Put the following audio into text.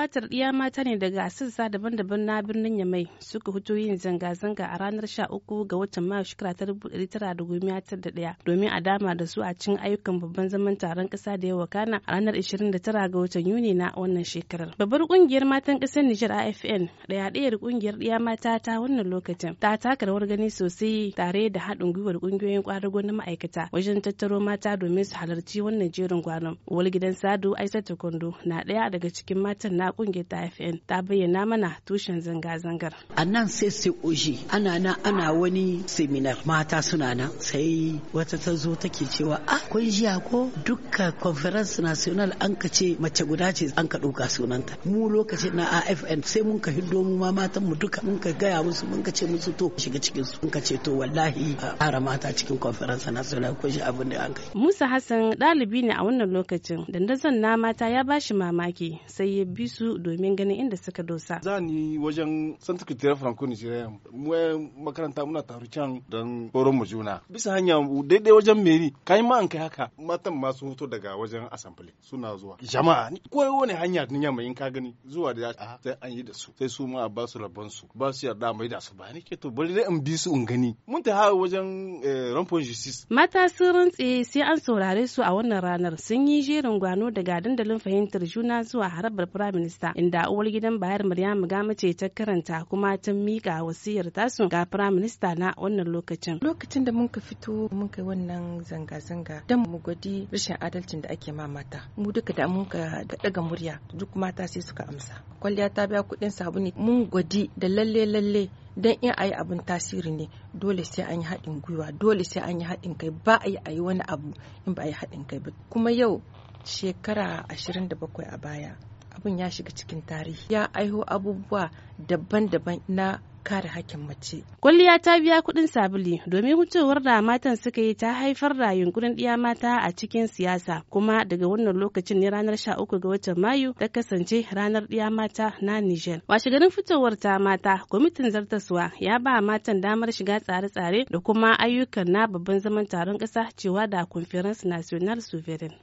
gabatar ɗiya mata ne daga sassa daban-daban na birnin Yamai suka hito yin zanga-zanga a ranar 13 ga watan Mayu shekara ta 1991 domin a dama da su a cikin ayyukan babban zaman taron ƙasa da yawa wakana a ranar 29 ga watan Yuni na wannan shekarar. Babbar ƙungiyar matan ƙasar Nijar AFN ɗaya ɗayar ƙungiyar ɗiya mata ta wannan lokacin ta taka rawar gani sosai tare da haɗin gwiwar ƙungiyoyin ƙwadago na ma'aikata wajen tattaro mata domin su halarci wannan jerin gwanon. Uwar gidan Sadu Aisatu Kondo na ɗaya daga cikin matan na ta kungiyar ta FN ta bayyana mana tushen zanga-zangar. A nan sai sai oji ana nan ana wani seminar mata suna nan sai wata ta zo take cewa ah kun jiya ko dukkan conference national an ka mace guda ce an ka ɗauka sunanta. Mu lokacin na AFN sai mun ka hiddo mu ma mu duka mun ka gaya musu mun ka ce musu to shiga cikin su mun ka ce to wallahi a mata cikin conference national ko shi abin da an kai. Musa Hassan ɗalibi ne a wannan lokacin dandazon na mata ya bashi mamaki sai ya bi su domin ganin inda suka dosa. Za ni wajen Santikitiyar Franco Nigeria mu makaranta muna taru can don horon mu juna. Bisa hanya daidai wajen meri ka ma an kai haka matan ma sun fito daga wajen asamble suna zuwa. Jama'a ko wani hanya ni yamma in ka gani zuwa da sai an yi da su sai su ma a ba su rabon su ba su yarda mai da su ba ni ke to bari dai in bi su in gani. Mun ta hawa wajen eh, Rampon Justice. Mata sun rantse sai an saurare su a wannan ranar sun yi jerin gwano daga dandalin fahimtar juna zuwa harabar Prime minista inda uwar gidan bayar maryam Gama ce ta karanta kuma ta mika wasiyar tasu ga firayim minista na wannan lokacin. Lokacin da muka fito muka wannan zanga-zanga dan mu gwadi rashin adalcin da ake ma mata. Mu duka da muka daga murya duk mata sai suka amsa. Kwalliya ta biya kuɗin sabuni mun gwadi da lalle lalle don in a yi abin tasiri ne dole sai an yi haɗin gwiwa dole sai an yi haɗin kai ba a yi a yi wani abu in ba a yi haɗin kai ba kuma yau shekara 27 a baya abin ya shiga cikin tarihi ya aiho abubuwa daban-daban na kare hakkin mace. Kwalliya ta biya kuɗin sabili domin wucewar da matan suka yi ta haifar da yunkurin ɗiya mata a cikin siyasa kuma daga wannan lokacin ne ranar sha uku ga watan Mayu ta kasance ranar ɗiya mata na Nijar. Washe ganin fitowar ta mata kwamitin zartaswa ya ba matan damar shiga tsare-tsare da kuma ayyukan na babban zaman taron ƙasa cewa da Conference National Sovereign.